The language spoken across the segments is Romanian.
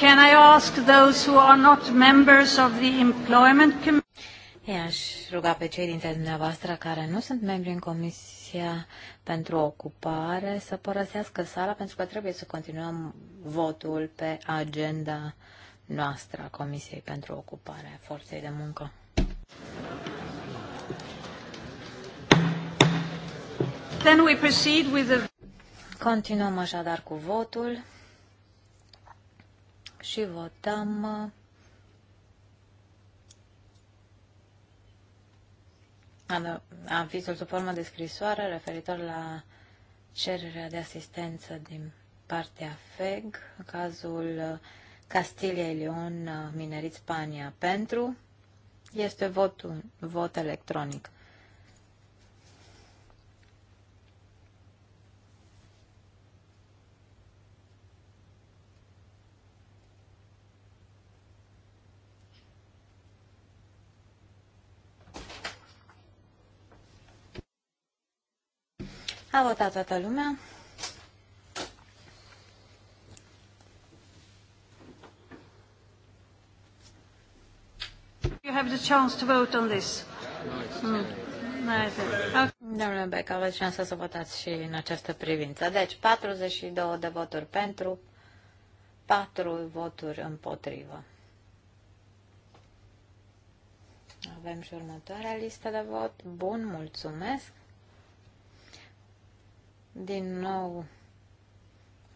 Can I ask those who are not members of the Employment Committee? aș ruga pe cei dintre dumneavoastră care nu sunt membri în Comisia pentru Ocupare să părăsească sala pentru că trebuie să continuăm votul pe agenda noastră a Comisiei pentru Ocupare Forței de Muncă. Then we proceed with the... Continuăm așadar cu votul și votăm avizul sub formă de scrisoare referitor la cererea de asistență din partea FEG, în cazul Castilia Leon, Minerit Spania, pentru. Este vot, un vot electronic. A votat toată lumea. You have the chance to vote on this. Hmm. Domnule Beck, aveți șansa să votați și în această privință. Deci, 42 de voturi pentru, 4 voturi împotrivă. Avem și următoarea listă de vot. Bun, mulțumesc. Din nou,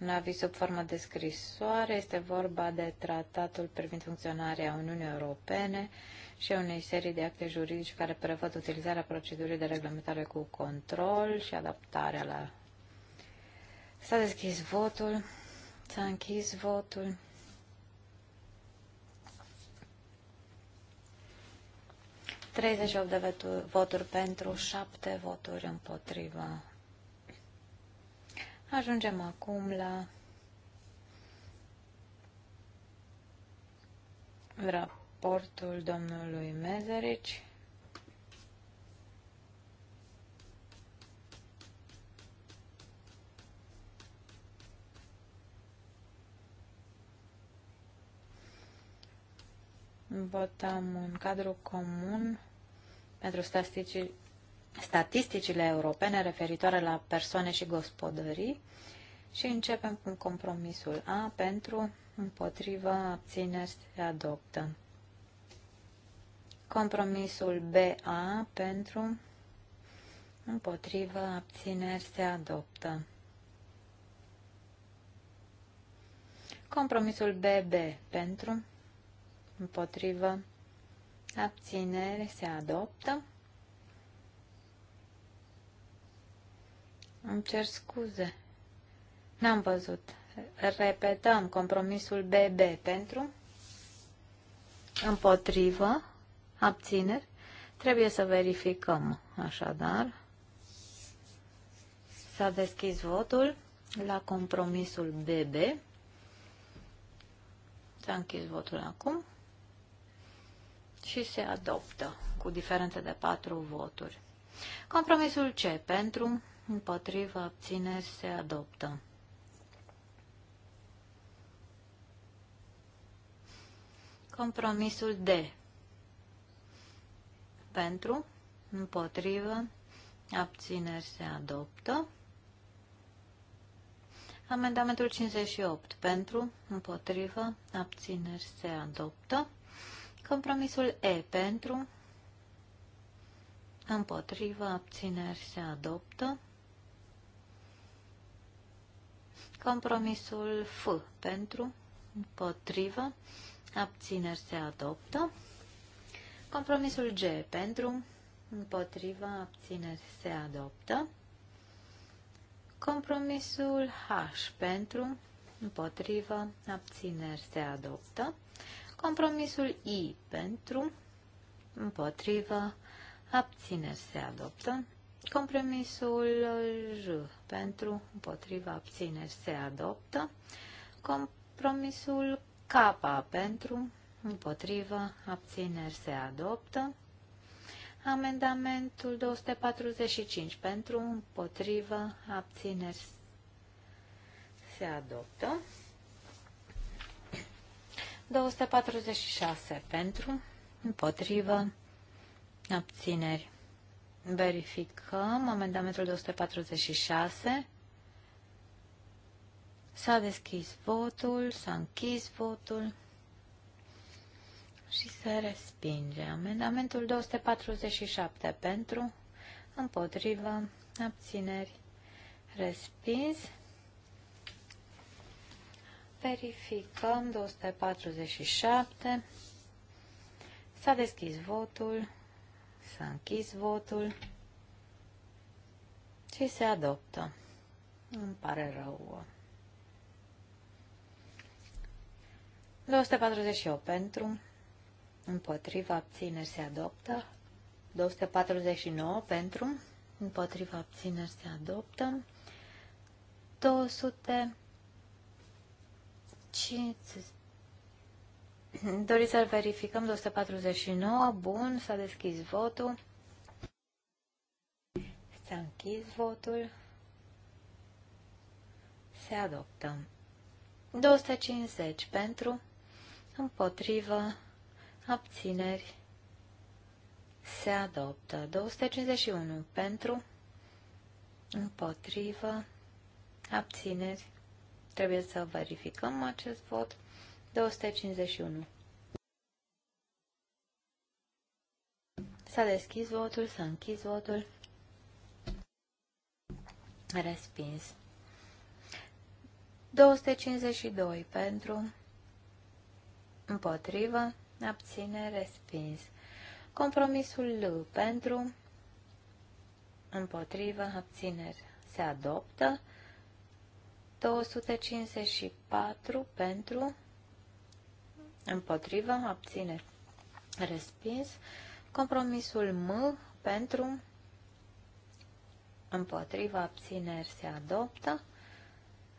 un aviz sub formă de scrisoare este vorba de tratatul privind funcționarea Uniunii Europene și unei serii de acte juridice care prevăd utilizarea procedurii de reglementare cu control și adaptarea la... S-a deschis votul, s-a închis votul. Treizeci de voturi pentru, șapte voturi împotriva. Ajungem acum la raportul domnului Mezerici. Votăm un cadru comun pentru statisticii statisticile europene referitoare la persoane și gospodării și începem cu compromisul A pentru împotrivă abțineri se adoptă. Compromisul BA pentru împotrivă abțineri se adoptă. Compromisul BB pentru împotrivă abțineri se adoptă. Îmi cer scuze. N-am văzut. Repetăm compromisul BB pentru împotrivă abțineri. Trebuie să verificăm. Așadar, s-a deschis votul la compromisul BB. S-a închis votul acum și se adoptă cu diferență de patru voturi. Compromisul C pentru Împotriva abțineri, se adoptă. Compromisul D. Pentru, împotrivă, abțineri, se adoptă. Amendamentul 58. Pentru, împotrivă, abțineri, se adoptă. Compromisul E. Pentru, Împotrivă, abțineri se adoptă. Compromisul F pentru, împotrivă, abțineri se adoptă. Compromisul G pentru, împotrivă, abțineri se adoptă. Compromisul H pentru, împotrivă, abțineri se adoptă. Compromisul I pentru, împotrivă, abțineri se adoptă. Compromisul J pentru, împotriva abțineri se adoptă. Compromisul K pentru, împotriva abțineri se adoptă. Amendamentul 245 pentru, împotriva abțineri se adoptă. 246 pentru, împotrivă, abțineri. Verificăm amendamentul 246. S-a deschis votul, s-a închis votul și se respinge. Amendamentul 247 pentru, împotrivă, abțineri, respins. Verificăm 247. S-a deschis votul. S-a închis votul și se adoptă. Îmi pare rău. 248 pentru, împotriva abțineri se adoptă. 249 pentru, împotriva abțineri se adoptă. 250 Doriți să-l verificăm? 249. Bun, s-a deschis votul. S-a închis votul. Se adoptă. 250 pentru, împotrivă, abțineri. Se adoptă. 251 pentru, împotrivă, abțineri. Trebuie să verificăm acest vot. 251. S-a deschis votul, s-a închis votul. Respins. 252 pentru, împotrivă, abține, respins. Compromisul L pentru, împotrivă, abțineri, se adoptă. 254 pentru, Împotrivă. abține, Respins. Compromisul M pentru. Împotrivă. Abțineri. Se adoptă.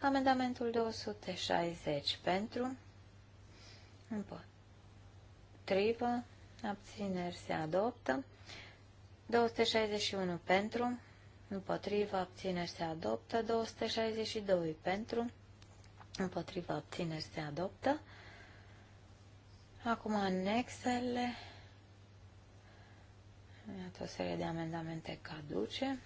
Amendamentul 260 pentru. Împotrivă. Abțineri. Se adoptă. 261 pentru. Împotriva abțineri se adoptă 262 pentru. Împotriva abțineri se adoptă Acum Excel, Iată o serie de amendamente caduce.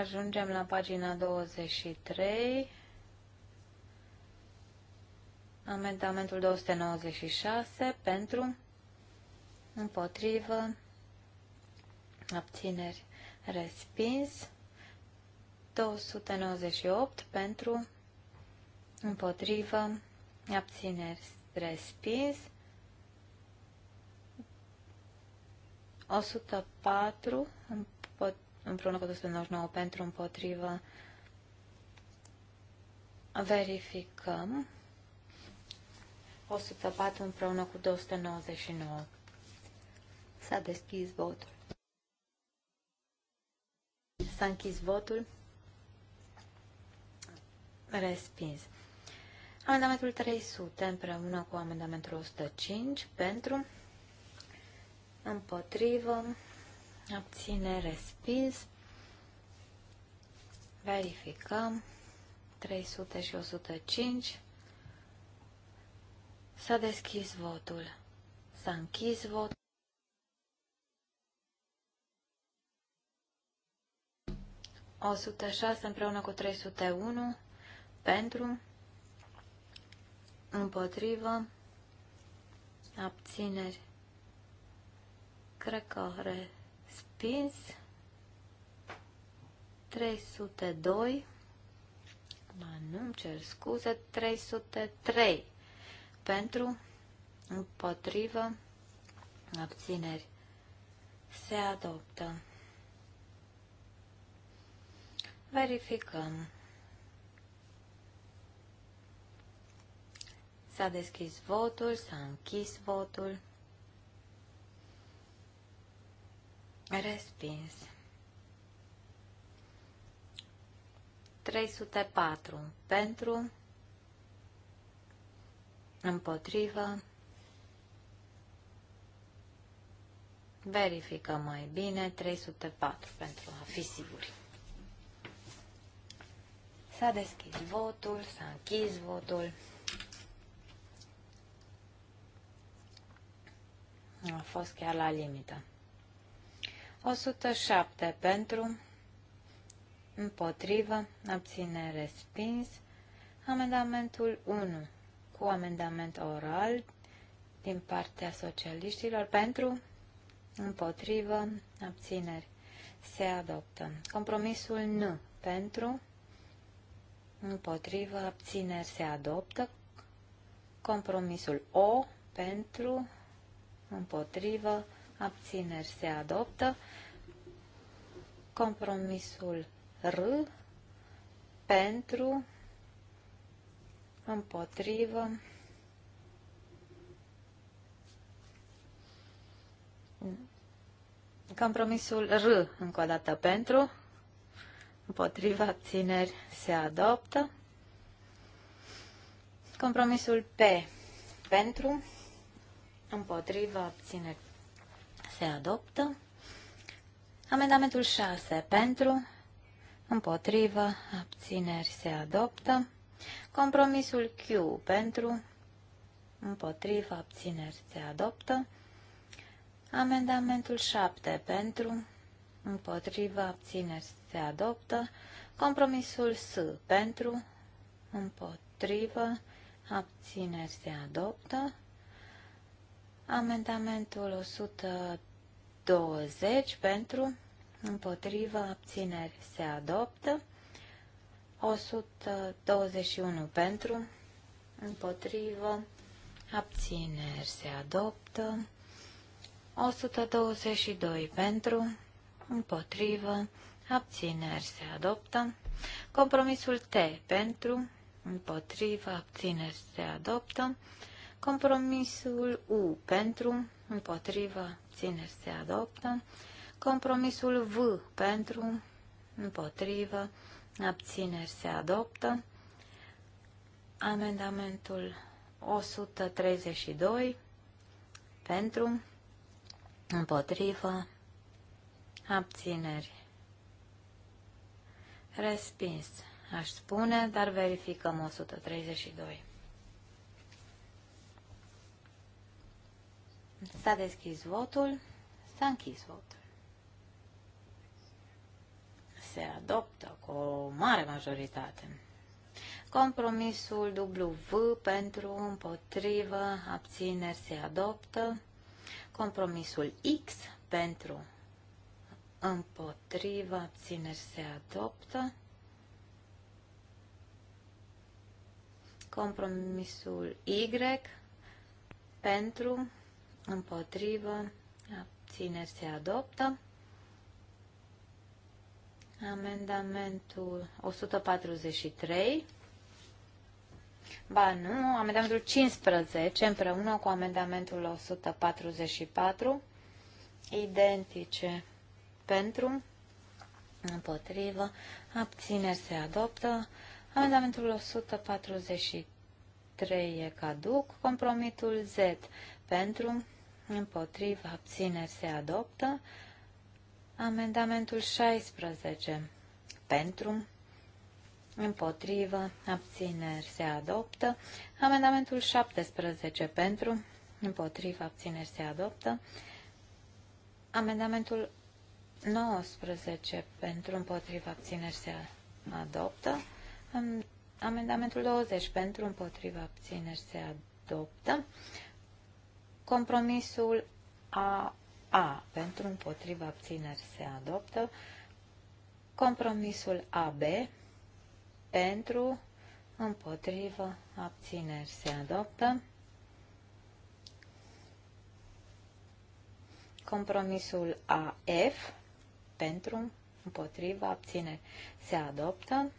Ajungem la pagina 23. Amendamentul 296 pentru, împotrivă, abțineri, respins. 298 pentru, împotrivă, abțineri, respins. 104 împreună cu 199 pentru împotrivă verificăm 104 împreună cu 299 s-a deschis votul s-a închis votul respins Amendamentul 300 împreună cu amendamentul 105 pentru, împotrivă, abține, respins. Verificăm. 300 și 105. S-a deschis votul. S-a închis votul. O 106 împreună cu 301 pentru împotrivă, abțineri, cred că respins, 302, mă nu, mi cer scuze, 303, pentru, împotrivă, abțineri, se adoptă. Verificăm. S-a deschis votul, s-a închis votul. Respins. 304. Pentru. Împotrivă. Verificăm mai bine 304 pentru a fi siguri. S-a deschis votul, s-a închis votul. A fost chiar la limită. 107 pentru, împotrivă, abține respins. Amendamentul 1 cu amendament oral din partea socialiștilor pentru, împotrivă, abțineri. Se adoptă. Compromisul N pentru, împotrivă, abțineri se adoptă. Compromisul O pentru, împotrivă, abțineri se adoptă. Compromisul R pentru, împotrivă, Compromisul R, încă o dată pentru, împotriva abțineri se adoptă. Compromisul P, pentru, împotrivă, abțineri, se adoptă. Amendamentul 6 pentru, împotrivă, abțineri, se adoptă. Compromisul Q pentru, împotrivă, abțineri, se adoptă. Amendamentul 7 pentru, împotrivă, abțineri, se adoptă. Compromisul S pentru, împotrivă, abțineri, se adoptă. Amendamentul 120 pentru, împotrivă, abțineri se adoptă. 121 pentru, împotrivă, abțineri se adoptă. 122 pentru, împotrivă, abțineri se adoptă. Compromisul T pentru, împotrivă, abțineri se adoptă. Compromisul U pentru, împotrivă, țineri se adoptă. Compromisul V pentru, împotrivă, abțineri se adoptă. Amendamentul 132 pentru, împotrivă, abțineri. Respins, aș spune, dar verificăm 132. S-a deschis votul. S-a închis votul. Se adoptă cu o mare majoritate. Compromisul W pentru împotrivă abțineri se adoptă. Compromisul X pentru împotrivă abțineri se adoptă. Compromisul Y pentru împotrivă, abțineri se adoptă. Amendamentul 143. Ba nu, amendamentul 15 împreună cu amendamentul 144, identice pentru, împotrivă, abțineri se adoptă. Amendamentul 143 e caduc, compromitul Z pentru, împotriva, abțineri se adoptă. Amendamentul 16 pentru, împotrivă, abțineri se adoptă. Amendamentul 17 pentru, împotrivă, abțineri se adoptă. Amendamentul 19 pentru, împotrivă, abțineri se adoptă. Amendamentul 20 pentru, împotrivă, abțineri se adoptă. Compromisul A, A pentru împotriva abțineri se adoptă. Compromisul AB pentru împotriva abțineri se adoptă. Compromisul AF pentru împotriva abțineri se adoptă.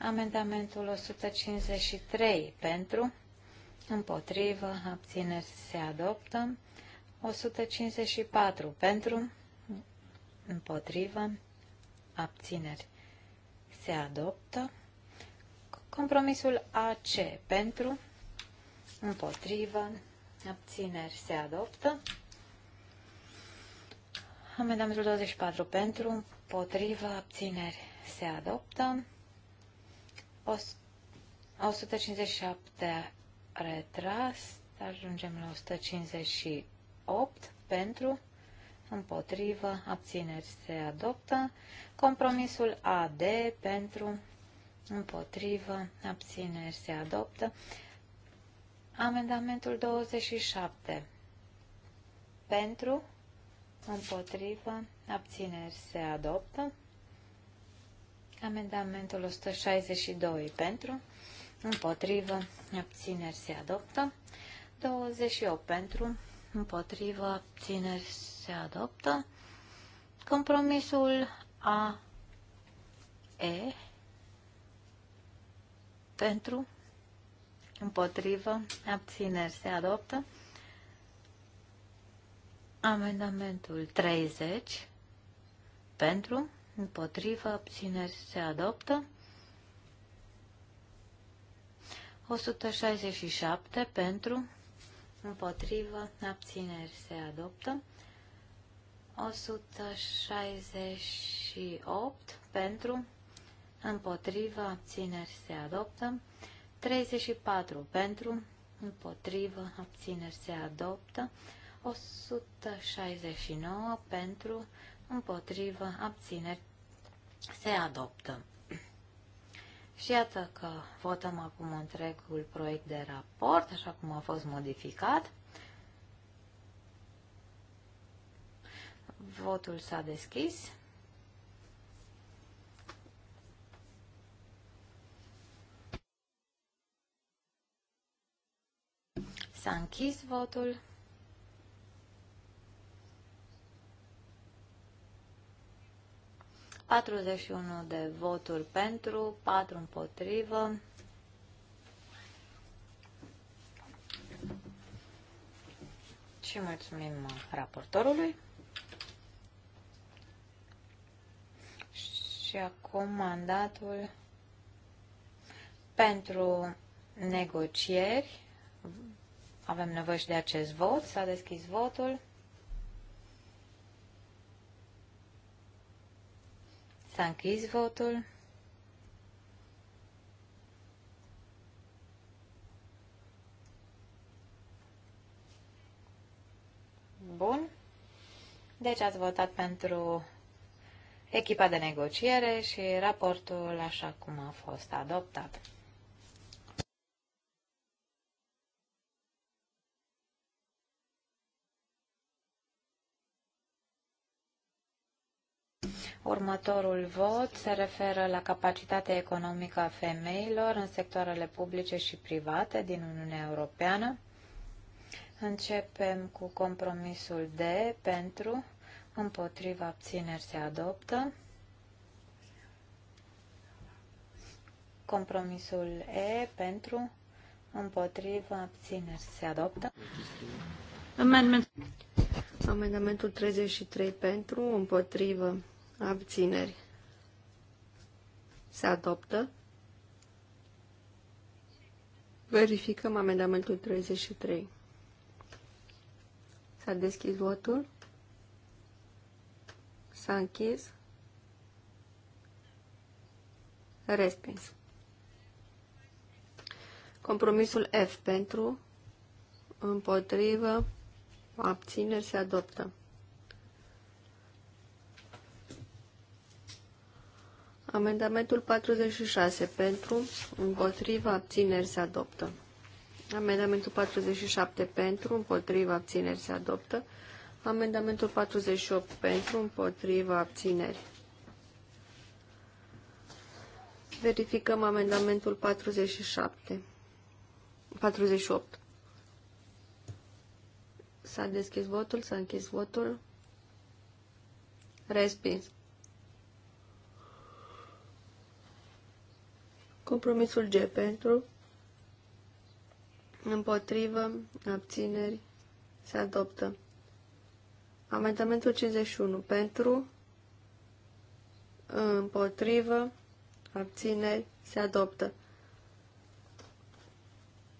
Amendamentul 153 pentru împotrivă, abțineri se adoptă. 154 pentru, împotrivă, abțineri se adoptă. Compromisul AC pentru, împotrivă, abțineri se adoptă. Amendamentul 24 pentru, împotrivă, abțineri se adoptă. 157 retras. Ajungem la 158 pentru, împotrivă, abțineri se adoptă. Compromisul AD pentru, împotrivă, abțineri se adoptă. Amendamentul 27 pentru, împotrivă, abțineri se adoptă. Amendamentul 162 pentru, împotrivă, abțineri se adoptă. 28 pentru, împotrivă, abțineri se adoptă. Compromisul A, E, pentru, împotrivă, abțineri se adoptă. Amendamentul 30 pentru, împotrivă, abțineri se adoptă. 167 pentru, împotrivă, abțineri se adoptă. 168 pentru, împotrivă, abțineri se adoptă. 34 pentru, împotrivă, abțineri se adoptă. 169 pentru, împotrivă, abțineri se adoptă. Și iată că votăm acum întregul proiect de raport, așa cum a fost modificat. Votul s-a deschis. S-a închis votul. 41 de voturi pentru, 4 împotrivă. Și mulțumim raportorului. Și acum mandatul pentru negocieri. Avem nevoie și de acest vot. S-a deschis votul. S-a închis votul. Bun. Deci ați votat pentru echipa de negociere și raportul așa cum a fost adoptat. Următorul vot se referă la capacitatea economică a femeilor în sectoarele publice și private din Uniunea Europeană. Începem cu compromisul D pentru, împotriva abțineri se adoptă. Compromisul E pentru, împotriva abțineri se adoptă. Amendment. Amendamentul 33 pentru, împotrivă abțineri, se adoptă. Verificăm amendamentul 33. S-a deschis votul. S-a închis. Respins. Compromisul F pentru, împotrivă, abțineri se adoptă. Amendamentul 46 pentru, împotriva, abțineri se adoptă. Amendamentul 47 pentru, împotriva, abțineri se adoptă. Amendamentul 48 pentru, împotriva, abțineri. Verificăm amendamentul 47. 48. S-a deschis votul, s-a închis votul. Respins. Compromisul G pentru, împotrivă, abțineri, se adoptă. Amendamentul 51 pentru, împotrivă, abțineri, se adoptă.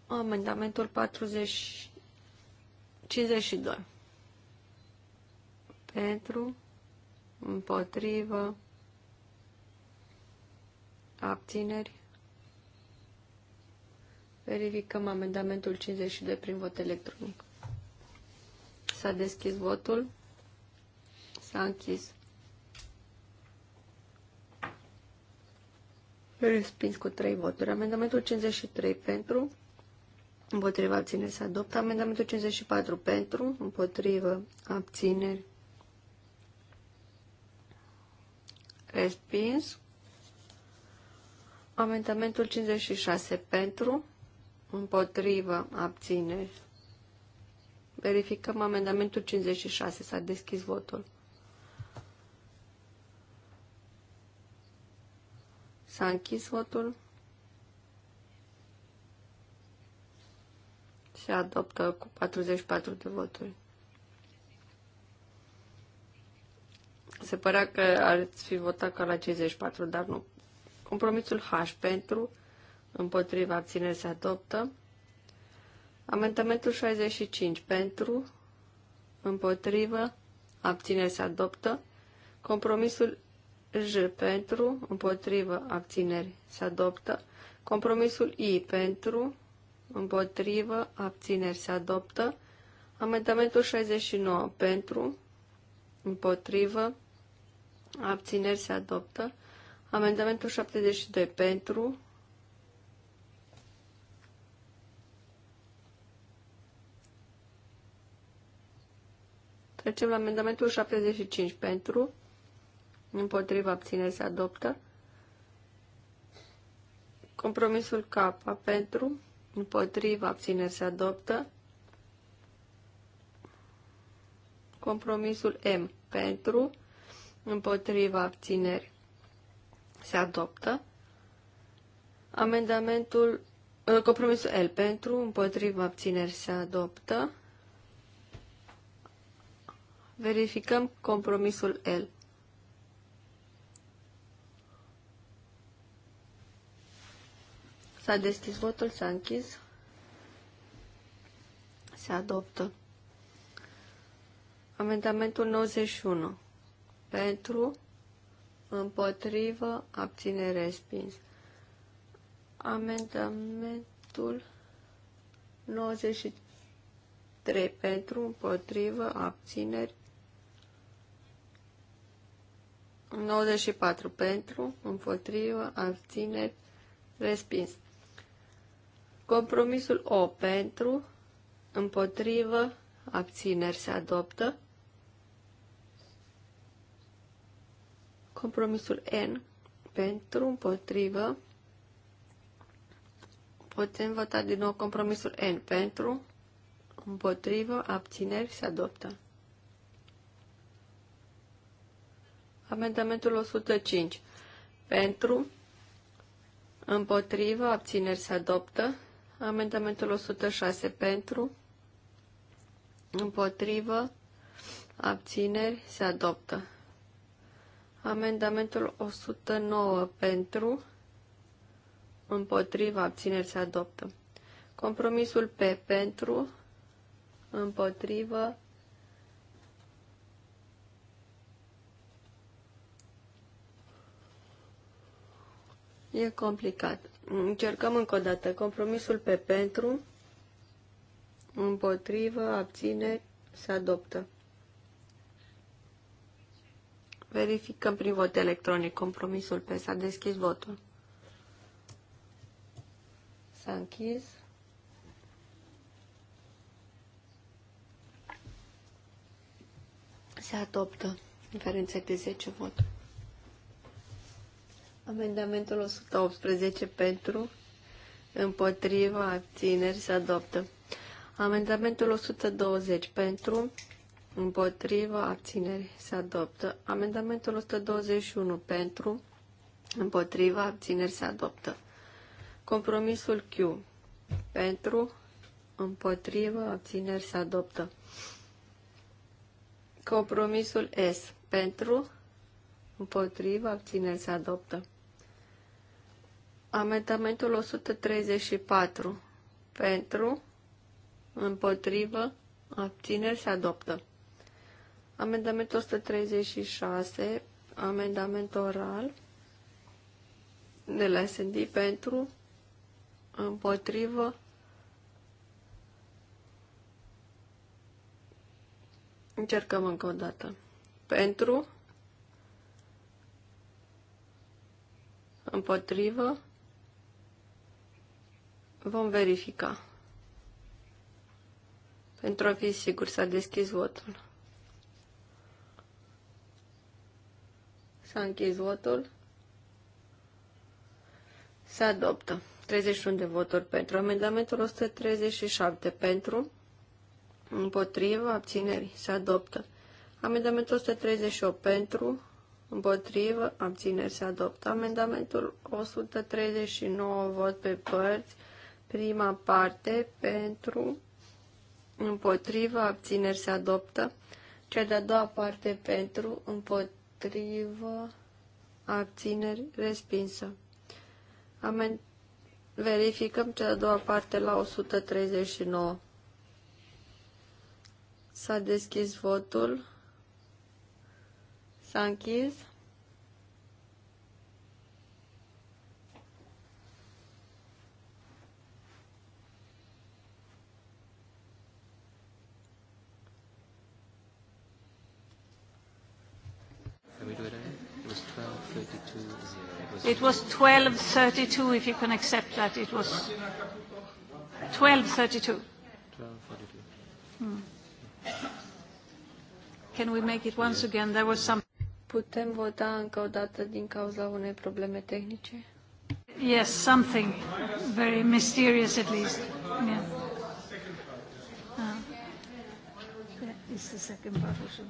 Amendamentul 40, 52 pentru, împotrivă, abțineri, Verificăm amendamentul 52 prin vot electronic. S-a deschis votul. S-a închis. Respins cu 3 voturi. Amendamentul 53 pentru. Împotriva abțineri se adoptă. Amendamentul 54 pentru. Împotrivă abțineri. Respins. Amendamentul 56 pentru împotrivă, abțineri. Verificăm amendamentul 56. S-a deschis votul. S-a închis votul. Se adoptă cu 44 de voturi. Se părea că ar fi votat ca la 54, dar nu. Compromisul H pentru împotriva abține se adoptă. Amendamentul 65 pentru, împotrivă, Abține se adoptă. Compromisul J pentru, împotrivă, abțineri se adoptă. Compromisul I pentru, împotrivă, abțineri se adoptă. Amendamentul 69 pentru, împotrivă, abțineri se adoptă. Amendamentul 72 pentru, Trecem la amendamentul 75 pentru, împotriva abțineri se adoptă. Compromisul K pentru, împotriva abțineri se adoptă. Compromisul M pentru, împotriva abțineri se adoptă. Amendamentul, uh, compromisul L pentru, împotriva abțineri se adoptă. Verificăm compromisul L. S-a deschis votul, s-a închis. Se adoptă. Amendamentul 91. Pentru, împotrivă, abține respins. Amendamentul 93. Pentru, împotrivă, abțineri 94 pentru, împotrivă, abțineri, respins. Compromisul O pentru, împotrivă, abțineri se adoptă. Compromisul N pentru, împotrivă, putem vota din nou compromisul N pentru, împotrivă, abțineri se adoptă. Amendamentul 105. Pentru, împotrivă, abțineri se adoptă. Amendamentul 106. Pentru, împotrivă, abțineri se adoptă. Amendamentul 109. Pentru, împotrivă, abțineri se adoptă. Compromisul P pentru, împotrivă, E complicat. Încercăm încă o dată. Compromisul pe pentru, împotrivă, abține, se adoptă. Verificăm prin vot electronic compromisul pe s-a deschis votul. S-a închis. Se adoptă diferența de 10 voturi. Amendamentul 118 pentru, împotriva, abțineri se adoptă. Amendamentul 120 pentru, împotriva, abțineri se adoptă. Amendamentul 121 pentru, împotriva, abțineri se adoptă. Compromisul Q pentru, împotriva, abțineri se adoptă. Compromisul S pentru, împotriva, abțineri se adoptă. Amendamentul 134. Pentru, împotrivă, abțineri se adoptă. Amendamentul 136, amendament oral de la SND pentru, împotrivă, încercăm încă o dată, pentru, împotrivă, Vom verifica. Pentru a fi sigur, s-a deschis votul. S-a închis votul. Se adoptă. 31 de voturi pentru. Amendamentul 137 pentru. Împotrivă. Abțineri. Se adoptă. Amendamentul 138 pentru. Împotrivă. Abțineri. Se adoptă. Amendamentul 139 vot pe părți. Prima parte pentru împotriva abțineri se adoptă. Cea de-a doua parte pentru împotriva abțineri respinsă. Amen. Verificăm cea de-a doua parte la 139. S-a deschis votul. S-a închis. It was 12.32, if you can accept that. It was 12.32. Hmm. Can we make it once again? There was some... Putem vota încă o dată din cauza unei probleme tehnice? Yes, something very mysterious at least. Yeah. Uh, yeah, it's the second part also.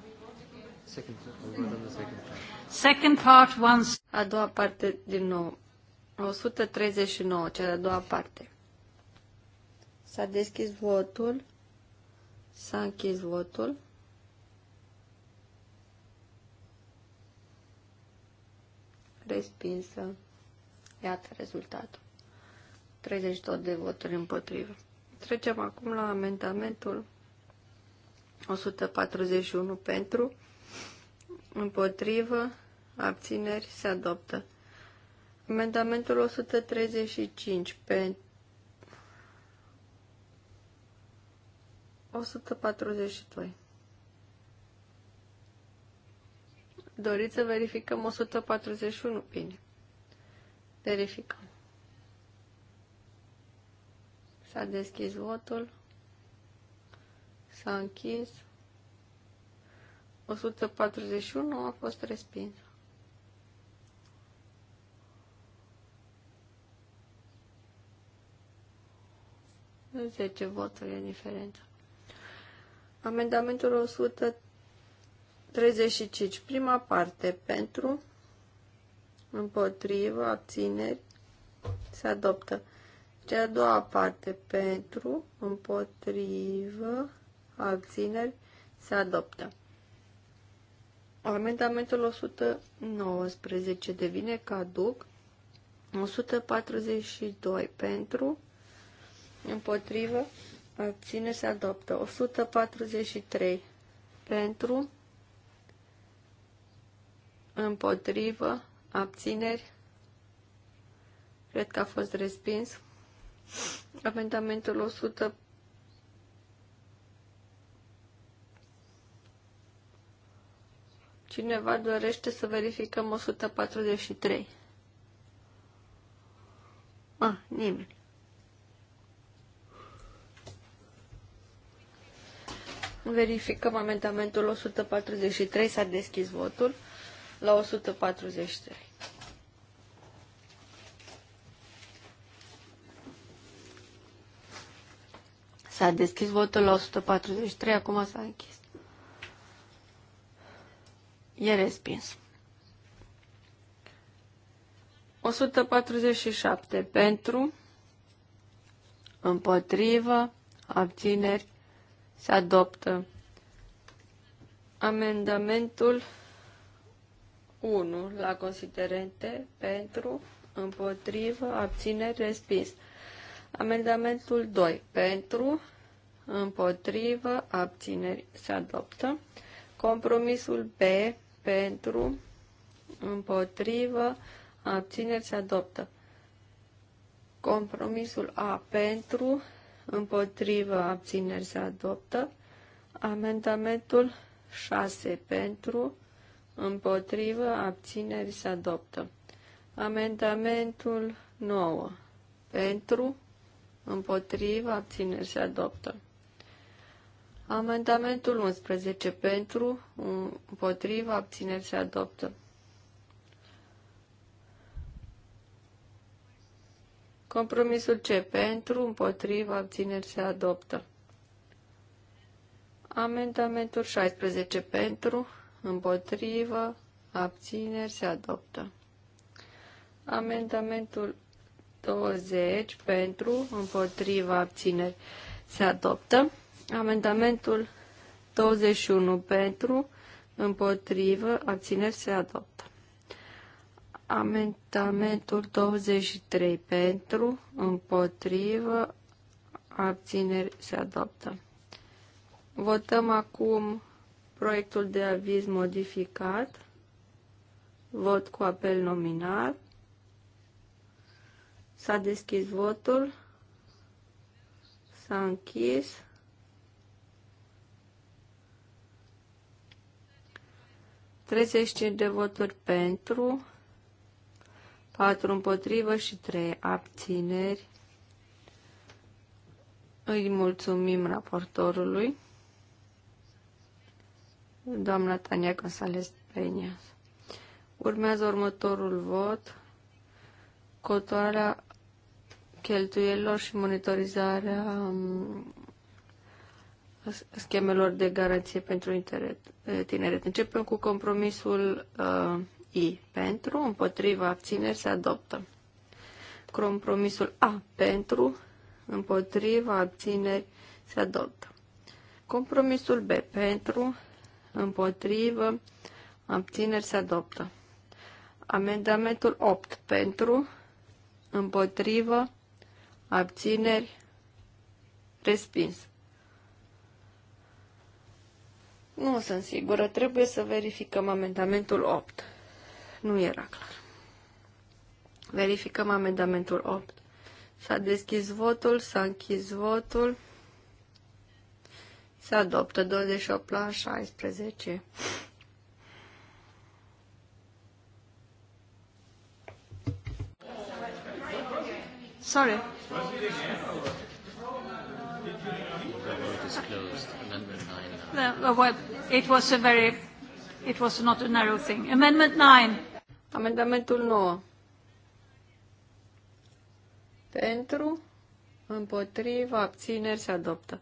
Second, part once. A doua parte din nou. 139, cea de-a doua parte. S-a deschis votul. S-a închis votul. Respinsă. Iată rezultatul. 32 de voturi împotrivă. Trecem acum la amendamentul 141 pentru, Împotrivă. Abțineri. Se adoptă. Amendamentul 135 pe 142. Doriți să verificăm 141? Bine. Verificăm. S-a deschis votul. S-a închis. 141 a fost respins. Zece voturi e diferența. Amendamentul 135. Prima parte pentru, împotrivă, abțineri, se adoptă. Cea a doua parte pentru, împotrivă, abțineri, se adoptă. Amendamentul 119 devine caduc. 142 pentru, împotrivă, abține, se adoptă. 143 pentru, împotrivă, abțineri, cred că a fost respins. Amendamentul 100 Cineva dorește să verificăm 143. Ah, nimeni. Verificăm amendamentul 143. S-a deschis votul la 143. S-a deschis votul la 143, acum s-a închis. E respins. 147 pentru, împotrivă, abțineri, se adoptă. Amendamentul 1 la considerente pentru, împotrivă, abțineri, respins. Amendamentul 2 pentru, împotrivă, abțineri, se adoptă. Compromisul B pentru, împotrivă, abțineri se adoptă. Compromisul A pentru, împotrivă, abțineri se adoptă. Amendamentul 6 pentru, împotrivă, abțineri se adoptă. Amendamentul 9 pentru, împotrivă, abțineri se adoptă. Amendamentul 11 pentru, împotriva, abțineri se adoptă. Compromisul C pentru, împotriva, abțineri se adoptă. Amendamentul 16 pentru, împotrivă, abțineri se adoptă. Amendamentul 20 pentru, împotriva, abțineri se adoptă. Amendamentul 21 pentru, împotrivă, abțineri se adoptă. Amendamentul 23 pentru, împotrivă, abțineri se adoptă. Votăm acum proiectul de aviz modificat. Vot cu apel nominal. S-a deschis votul. S-a închis. 35 de voturi pentru, 4 împotrivă și 3 abțineri. Îi mulțumim raportorului, doamna Tania González Peña. Urmează următorul vot, cotoarea cheltuielor și monitorizarea um, schemelor de garanție pentru interet, eh, tineret. Începem cu compromisul uh, I. Pentru, împotriva, abțineri, se adoptă. Compromisul A. Pentru, împotriva, abțineri, se adoptă. Compromisul B. Pentru, împotrivă, abțineri, se adoptă. Amendamentul 8. Pentru, împotrivă, abțineri, respins. Nu sunt sigură, trebuie să verificăm amendamentul 8. Nu era clar. Verificăm amendamentul 8. S-a deschis votul, s-a închis votul. Se adoptă 28 la 16. Sorry. Vote is closed. Amendment 9 well, it was a very, it was not a narrow thing. Amendment 9. Amendamentul 9. Pentru, împotriva, abțineri se adoptă.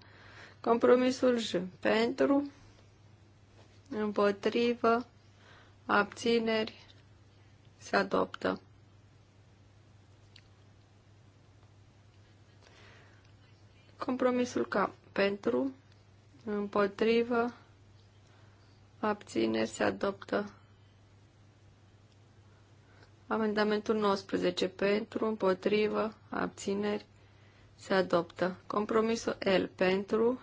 Compromisul J. Pentru, împotrivă, abțineri se adoptă. Compromisul K. Pentru, împotrivă, abțineri se adoptă. Amendamentul 19 pentru, împotrivă, abțineri se adoptă. Compromisul L pentru,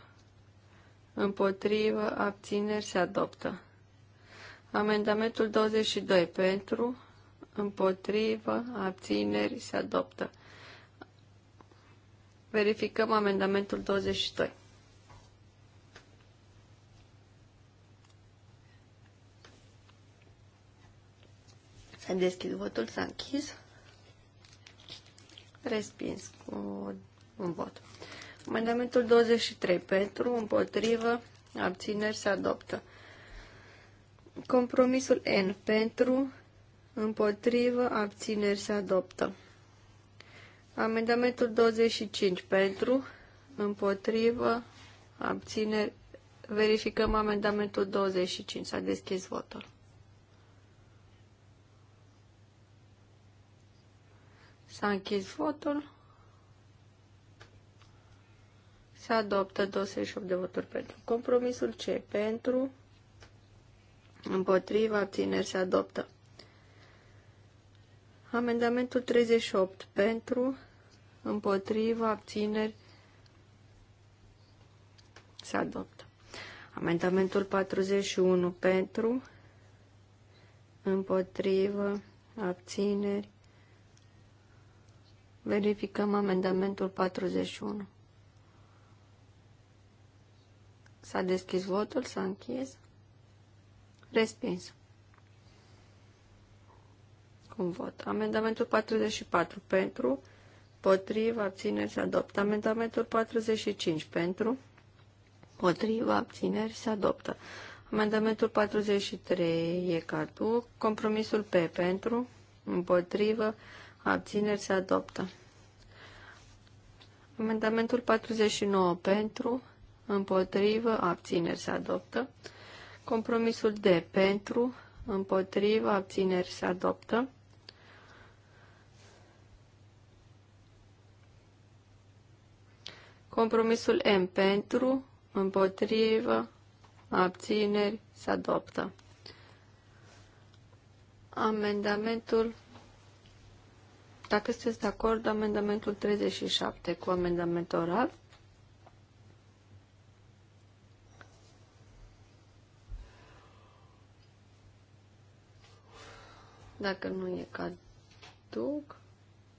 împotrivă, abțineri se adoptă. Amendamentul 22 pentru, împotrivă, abțineri se adoptă. Verificăm amendamentul 22. Deschid votul, s-a închis. Respins cu un vot. Amendamentul 23 pentru, împotrivă, abțineri se adoptă. Compromisul N pentru, împotrivă, abțineri se adoptă. Amendamentul 25 pentru, împotrivă, abțineri. Verificăm amendamentul 25. S-a deschis votul. S-a închis votul. Se adoptă 28 de voturi pentru. Compromisul C. Pentru. Împotriva abțineri se adoptă. Amendamentul 38. Pentru. Împotriva abțineri se adoptă. Amendamentul 41. Pentru. Împotrivă. Abțineri Verificăm amendamentul 41. S-a deschis votul, s-a închis. Respins. Cum vot? Amendamentul 44 pentru, potriva, abțineri, se adoptă. Amendamentul 45 pentru, potriva, abțineri, se adoptă. Amendamentul 43 e caduc. Compromisul P pentru, împotrivă, abțineri se adoptă. Amendamentul 49 pentru, împotrivă, abțineri se adoptă. Compromisul D pentru, împotrivă, abțineri se adoptă. Compromisul M pentru, împotrivă, abțineri se adoptă. Amendamentul dacă sunteți de acord, amendamentul 37 cu amendament oral. Dacă nu e caduc,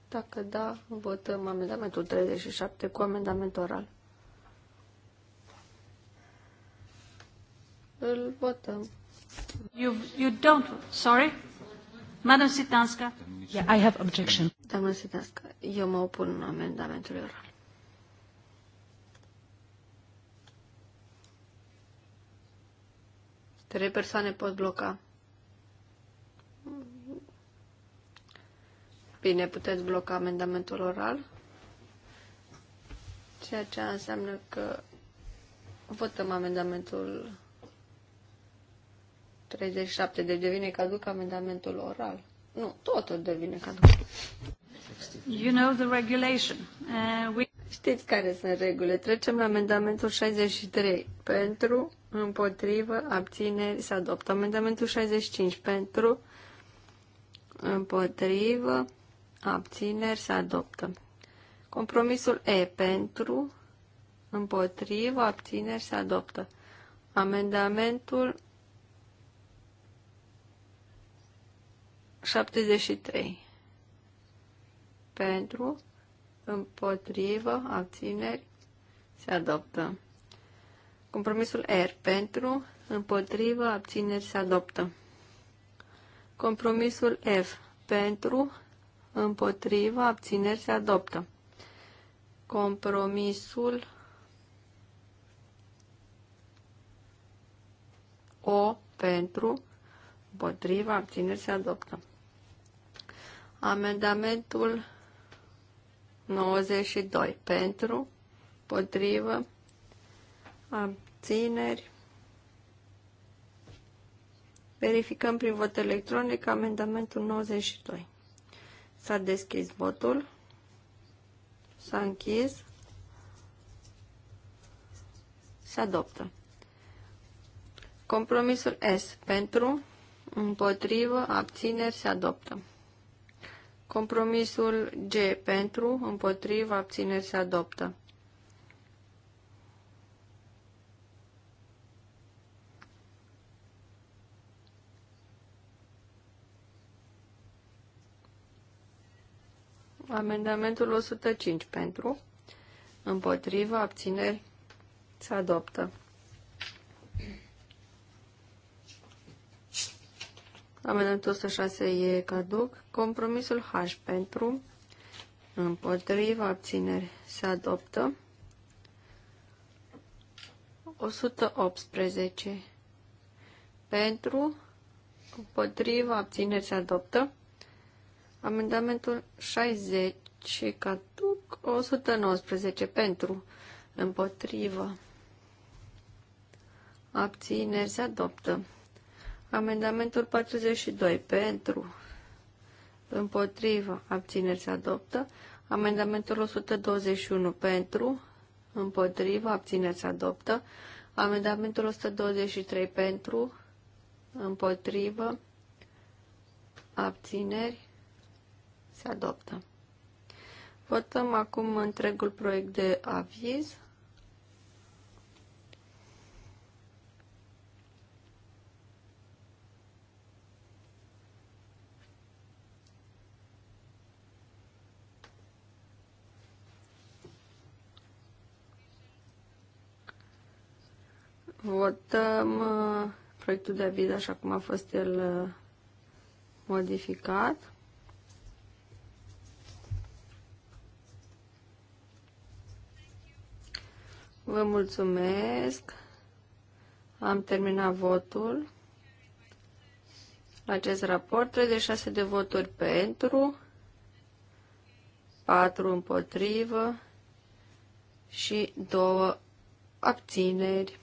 dacă da, votăm amendamentul 37 cu amendament oral. Îl votăm. You, you don't, sorry? Madam Sitanska? Yeah, I have objection. Doamna Sedească, eu mă opun amendamentului oral. Trei persoane pot bloca. Bine, puteți bloca amendamentul oral, ceea ce înseamnă că votăm amendamentul 37, de deci devine caduc amendamentul oral. Nu, totul devine caduc. You know the regulation. Uh, we... Știți care sunt regulile. Trecem la amendamentul 63. Pentru, împotrivă, abțineri, se adoptă. Amendamentul 65. Pentru, împotrivă, abțineri, se adoptă. Compromisul E. Pentru, împotrivă, abțineri, se adoptă. Amendamentul 73. Pentru, împotrivă, abțineri, se adoptă. Compromisul R. Pentru, împotrivă, abțineri, se adoptă. Compromisul F. Pentru, împotrivă, abțineri, se adoptă. Compromisul O. Pentru, împotrivă, abțineri, se adoptă. Amendamentul 92 pentru, potrivă, abțineri. Verificăm prin vot electronic amendamentul 92. S-a deschis votul. S-a închis. Se adoptă. Compromisul S pentru, împotrivă, abțineri, se adoptă. Compromisul G pentru, împotriva, abțineri se adoptă. Amendamentul 105 pentru, împotriva, abțineri se adoptă. Amendamentul 106 e caduc. Compromisul H pentru, împotriva, abțineri se adoptă. 118 pentru, împotriva, abțineri se adoptă. Amendamentul 60 caduc. 119 pentru, împotriva, abțineri se adoptă. Amendamentul 42 pentru, împotrivă, abțineri se adoptă. Amendamentul 121 pentru, împotrivă, abțineri se adoptă. Amendamentul 123 pentru, împotrivă, abțineri se adoptă. Votăm acum întregul proiect de aviz. votăm uh, proiectul de aviz așa cum a fost el uh, modificat. Vă mulțumesc. Am terminat votul la acest raport. 36 de voturi pentru, 4 împotrivă și 2 abțineri.